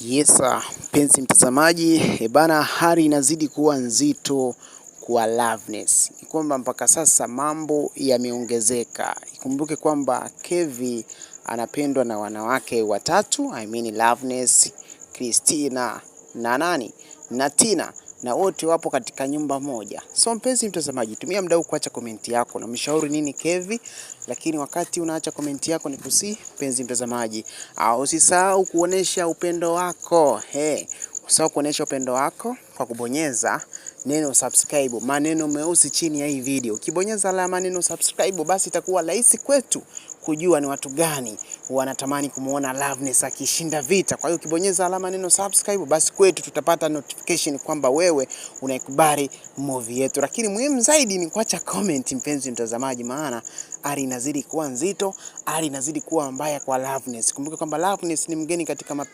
Yesa, mpenzi mtazamaji, e bana, hali inazidi kuwa nzito kwa Loveness, ni kwamba mpaka sasa mambo yameongezeka. Ikumbuke kwamba Kevi anapendwa na wanawake watatu, I mean Loveness, Christina na nani na Tina na wote wapo katika nyumba moja. So mpenzi mtazamaji, tumia muda huu kuacha komenti yako na mshauri nini Kevi, lakini wakati unaacha komenti yako ni kusi, mpenzi mtazamaji, ah, usisahau kuonesha upendo wako hey. Usisahau kuonesha upendo wako kwa kubonyeza neno subscribe, maneno meusi chini ya hii video. Ukibonyeza la maneno subscribe, basi itakuwa rahisi kwetu kujua ni watu gani wanatamani kumuona Loveness akishinda vita. Kwa hiyo ukibonyeza alama neno subscribe, basi kwetu tutapata notification kwamba wewe unaikubali movie yetu, lakini muhimu zaidi ni kuacha comment, mpenzi mtazamaji, maana ari inazidi kuwa nzito, ari inazidi kuwa mbaya kwa Loveness. Kumbuka kwamba Loveness ni mgeni katika mapenzi.